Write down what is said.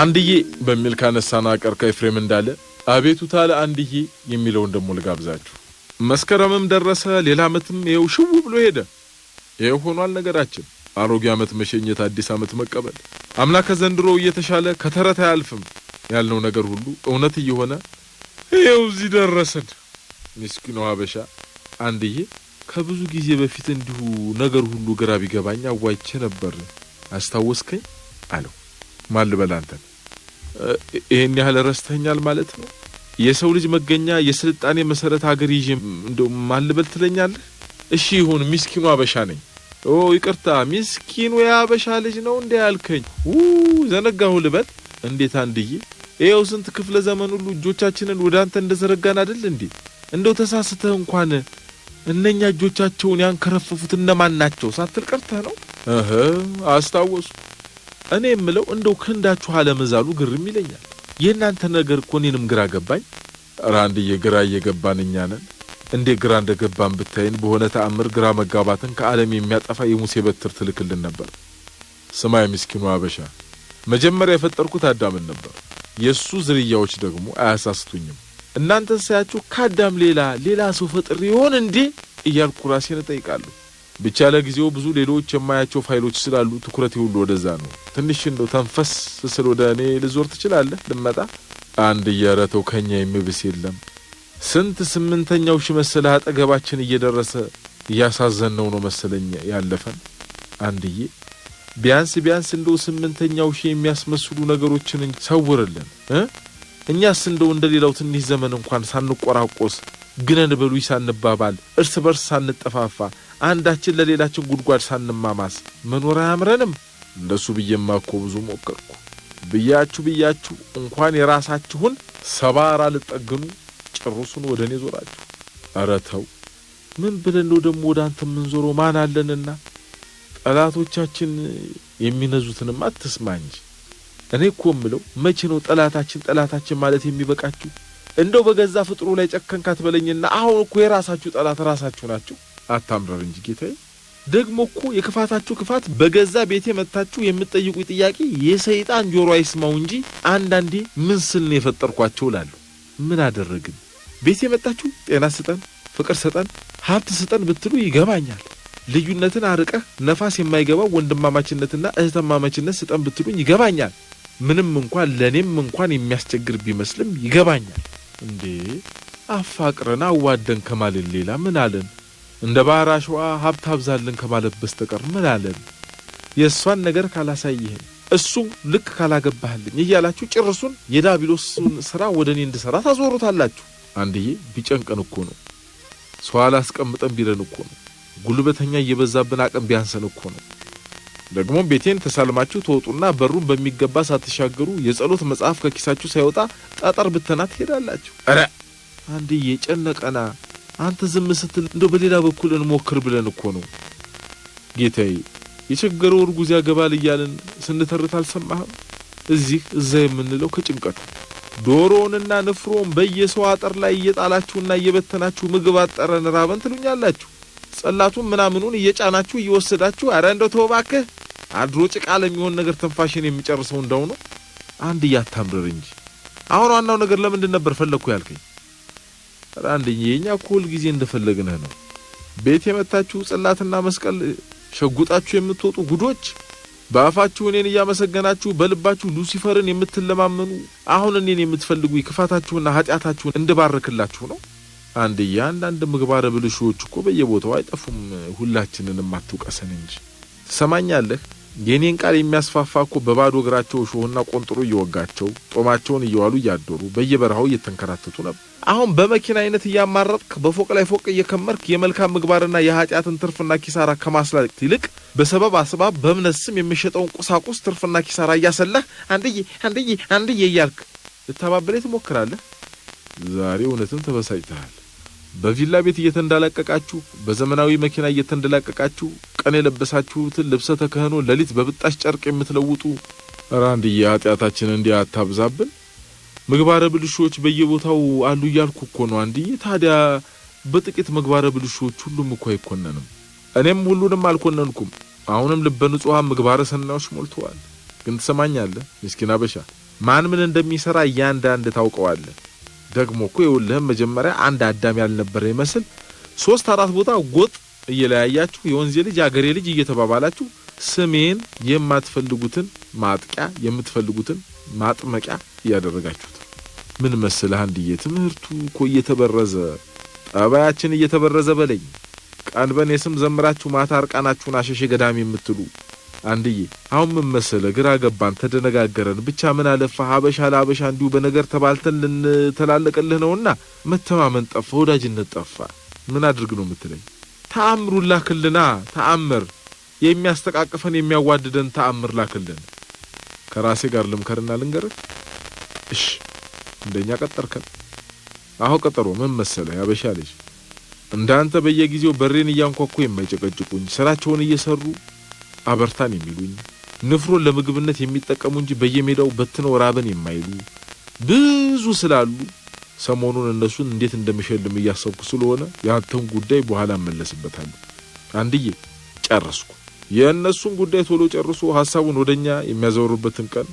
አንድዬ በሚል ካነሳና ቀርካ ኤፍሬም እንዳለ አቤቱታ ለአንድዬ የሚለውን ደግሞ ልጋብዛችሁ። መስከረምም ደረሰ፣ ሌላ ዓመትም ይኸው ሽው ብሎ ሄደ። ይኸው ሆኗል ነገራችን። አሮጌ ዓመት መሸኘት፣ አዲስ ዓመት መቀበል። አምና ከዘንድሮ እየተሻለ ከተረት አያልፍም ያልነው ነገር ሁሉ እውነት እየሆነ ይኸው እዚህ ደረሰን። ምስኪኑ ሀበሻ አንድዬ ከብዙ ጊዜ በፊት እንዲሁ ነገር ሁሉ ግራ ቢገባኝ አዋይቼ ነበር፣ አስታወስከኝ አለው። ማን ልበል አንተን? ይህን ያህል ረስተኛል ማለት ነው? የሰው ልጅ መገኛ የስልጣኔ መሰረት ሀገር ይዤ እንደ ማልበል ልበል ትለኛለህ? እሺ ይሁን፣ ሚስኪኑ አበሻ ነኝ። ኦ ይቅርታ፣ ሚስኪኑ የአበሻ ልጅ ነው እንዴ ያልከኝ? ዘነጋሁ ልበል። እንዴት አንድዬ፣ ይኸው ስንት ክፍለ ዘመን ሁሉ እጆቻችንን ወደ አንተ እንደዘረጋን አይደል እንዴ? እንደው ተሳስተህ እንኳን እነኛ እጆቻቸውን ያንከረፈፉት እነማን ናቸው ሳትል ቀርተህ ነው። አስታወሱ። እኔ የምለው እንደው ክንዳችሁ አለመዛሉ ግርም ይለኛል። የእናንተ ነገር እኮ እኔንም ግራ ገባኝ። ኧረ አንድዬ ግራ እየገባን እኛ ነን እንዴ! ግራ እንደገባን ብታይን በሆነ ተአምር ግራ መጋባትን ከዓለም የሚያጠፋ የሙሴ በትር ትልክልን ነበር። ስማ ምስኪኑ አበሻ መጀመሪያ የፈጠርኩት አዳምን ነበር። የእሱ ዝርያዎች ደግሞ አያሳስቱኝም። እናንተ ሳያችሁ ከአዳም ሌላ ሌላ ሰው ፈጥሬ ይሆን እንዴ እያልኩ ራሴን እጠይቃለሁ። ብቻ ለጊዜው ብዙ ሌሎች የማያቸው ፋይሎች ስላሉ ትኩረት ሁሉ ወደዛ ነው። ትንሽ እንደው ተንፈስ ስል ወደ እኔ ልዞር ትችላለህ? ልመጣ አንድ እያረተው ከኛ የሚብስ የለም። ስንት ስምንተኛው ሺ መሰለህ አጠገባችን እየደረሰ እያሳዘንነው ነው መሰለኝ ያለፈን። አንድዬ ቢያንስ ቢያንስ እንደው ስምንተኛው ሺ የሚያስመስሉ ነገሮችን ሰውርልን እኛስ እንደው እንደ ሌላው ትንሽ ዘመን እንኳን ሳንቆራቆስ ግነን በሉይ ሳንባባል እርስ በርስ ሳንጠፋፋ አንዳችን ለሌላችን ጉድጓድ ሳንማማስ መኖር አያምረንም። እንደሱ ብዬማ እኮ ብዙ ሞከርኩ። ብያችሁ ብያችሁ እንኳን የራሳችሁን ሰባራ ልጠግኑ ጭሩሱን ወደ እኔ ዞራችሁ። እረ ተው፣ ምን ብለን ነው ደግሞ ወደ አንተ የምንዞረው? ማን አለንና? ጠላቶቻችን የሚነዙትንም አትስማ እንጂ። እኔ እኮ ምለው መቼ ነው ጠላታችን ጠላታችን ማለት የሚበቃችሁ? እንደው በገዛ ፍጥሩ ላይ ጨከንካት በለኝና አሁን እኮ የራሳችሁ ጠላት ራሳችሁ ናችሁ። አታምረር እንጂ ጌታዬ። ደግሞ እኮ የክፋታችሁ ክፋት በገዛ ቤቴ መጥታችሁ የምትጠይቁ ጥያቄ የሰይጣን ጆሮ አይስማው እንጂ አንዳንዴ ምን ስል ነው የፈጠርኳቸው ላሉ ምን አደረግን? ቤቴ መጣችሁ ጤና ስጠን፣ ፍቅር ስጠን፣ ሀብት ስጠን ብትሉ ይገባኛል። ልዩነትን አርቀህ ነፋስ የማይገባው ወንድማማችነትና እህተማማችነት ስጠን ብትሉኝ ይገባኛል። ምንም እንኳን ለእኔም እንኳን የሚያስቸግር ቢመስልም ይገባኛል። እንዴ አፋቅረን አዋደን ከማልን ሌላ ምን አለን? እንደ ባህር አሸዋ ሀብት አብዛልን ከማለት በስተቀር ምን አለን? የእሷን ነገር ካላሳይህን እሱ ልክ ካላገባህልኝ እያላችሁ ጭርሱን የዳቢሎስን ስራ ወደ እኔ እንድሠራ ታዞሩታላችሁ። አንድዬ ቢጨንቀን እኮ ነው። ሰው አላስቀምጠን ቢለን እኮ ነው። ጉልበተኛ እየበዛብን አቅም ቢያንሰን እኮ ነው። ደግሞ ቤቴን ተሳልማችሁ ተወጡና በሩን በሚገባ ሳትሻገሩ የጸሎት መጽሐፍ ከኪሳችሁ ሳይወጣ ጠጠር ብተና ትሄዳላችሁ። ኧረ አንድዬ ጨነቀና አንተ ዝም ስትል እንደው በሌላ በኩል እንሞክር ብለን እኮ ነው። ጌታዬ የቸገረው እርጉዝ ያገባል እያልን ስንተርት አልሰማህም? እዚህ እዛ የምንለው ከጭንቀቱ ዶሮውንና ንፍሮውን በየሰው አጥር ላይ እየጣላችሁና እየበተናችሁ ምግብ አጠረን ራበን ትሉኛላችሁ። ጸላቱን ምናምኑን እየጫናችሁ እየወሰዳችሁ፣ አረ እንደው ተው እባክህ አድሮ ጭቃ ለሚሆን ነገር ትንፋሽን የሚጨርሰው እንደው ነው። አንድ እያታምርር እንጂ አሁን ዋናው ነገር ለምንድን ነበር ፈለግኩ ያልከኝ? አንደኛ የኛ እኮ ሁልጊዜ እንደፈለግንህ ነው። ቤት የመታችሁ ጽላትና መስቀል ሸጉጣችሁ የምትወጡ ጉዶች፣ በአፋችሁ እኔን እያመሰገናችሁ በልባችሁ ሉሲፈርን የምትለማመኑ አሁን እኔን የምትፈልጉ ክፋታችሁና ኃጢአታችሁን እንድባርክላችሁ ነው። አንድ አንዳንድ ምግባረ ብልሹዎች እኮ በየቦታው አይጠፉም። ሁላችንን አትውቀሰን እንጂ ትሰማኛለህ። የእኔን ቃል የሚያስፋፋ እኮ በባዶ እግራቸው እሾህና ቆንጥሮ እየወጋቸው ጦማቸውን እየዋሉ እያደሩ በየበረሃው እየተንከራተቱ ነበር። አሁን በመኪና አይነት እያማረጥክ በፎቅ ላይ ፎቅ እየከመርክ የመልካም ምግባርና የኃጢአትን ትርፍና ኪሳራ ከማስላት ይልቅ በሰበብ አስባብ በእምነት ስም የሚሸጠውን ቁሳቁስ ትርፍና ኪሳራ እያሰላህ አንድዬ አንድዬ አንድዬ እያልክ ልታባብለኝ ትሞክራለህ። ዛሬ እውነትም ተበሳጭተሃል። በቪላ ቤት እየተንዳላቀቃችሁ በዘመናዊ መኪና እየተንደላቀቃችሁ ቀን የለበሳችሁትን ልብሰ ተክህኖ ሌሊት በብጣሽ ጨርቅ የምትለውጡ ራንድዬ ኃጢአታችን እንዲህ አታብዛብን። ምግባረ ብልሾች በየቦታው አሉ እያልኩ እኮ ነው አንድዬ። ታዲያ በጥቂት ምግባረ ብልሾች ሁሉም እኮ አይኮነንም። እኔም ሁሉንም አልኮነንኩም። አሁንም ልበ ንጹሐን ምግባረ ሰናዎች ሞልተዋል። ግን ትሰማኛለህ ምስኪን አበሻ፣ ማን ምን እንደሚሰራ እያንዳንድ ታውቀዋለህ። ደግሞ እኮ የውልህም መጀመሪያ አንድ አዳም ያልነበረ ይመስል ሶስት አራት ቦታ ጎጥ እየለያያችሁ የወንዜ ልጅ አገሬ ልጅ እየተባባላችሁ ስሜን የማትፈልጉትን ማጥቂያ የምትፈልጉትን ማጥመቂያ እያደረጋችሁት ምን መስልህ አንድዬ፣ ትምህርቱ እኮ እየተበረዘ ጠባያችን እየተበረዘ በለኝ። ቀን በኔ ስም ዘምራችሁ ማታ አርቃናችሁን አሸሼ ገዳሚ የምትሉ አንድዬ፣ አሁን ምን መሰለህ፣ ግራ ገባን፣ ተደነጋገረን። ብቻ ምን አለፋ ሀበሻ ለሀበሻ እንዲሁ በነገር ተባልተን ልንተላለቅልህ ነውና መተማመን ጠፋ፣ ወዳጅነት ጠፋ። ምን አድርግ ነው የምትለኝ? ተአምሩን ላክልና፣ ተአምር የሚያስተቃቅፈን የሚያዋድደን ተአምር ላክልን። ከራሴ ጋር ልምከርና ልንገር እሽ እንደኛ ቀጠርከን። አሁን ቀጠሮ ምን መሰለ ያበሻ ልጅ እንዳንተ በየጊዜው በሬን እያንኳኩ የማይጨቀጭቁኝ ስራቸውን እየሰሩ አበርታን የሚሉኝ ንፍሮን ለምግብነት የሚጠቀሙ እንጂ በየሜዳው በትነው ራበን የማይሉ ብዙ ስላሉ ሰሞኑን እነሱን እንዴት እንደምሸልም እያሰብኩ ስለሆነ የአንተን ጉዳይ በኋላ እመለስበታለሁ። አንድዬ ጨረስኩ። የእነሱን ጉዳይ ቶሎ ጨርሶ ሀሳቡን ወደኛ የሚያዘወሩበትን ቀን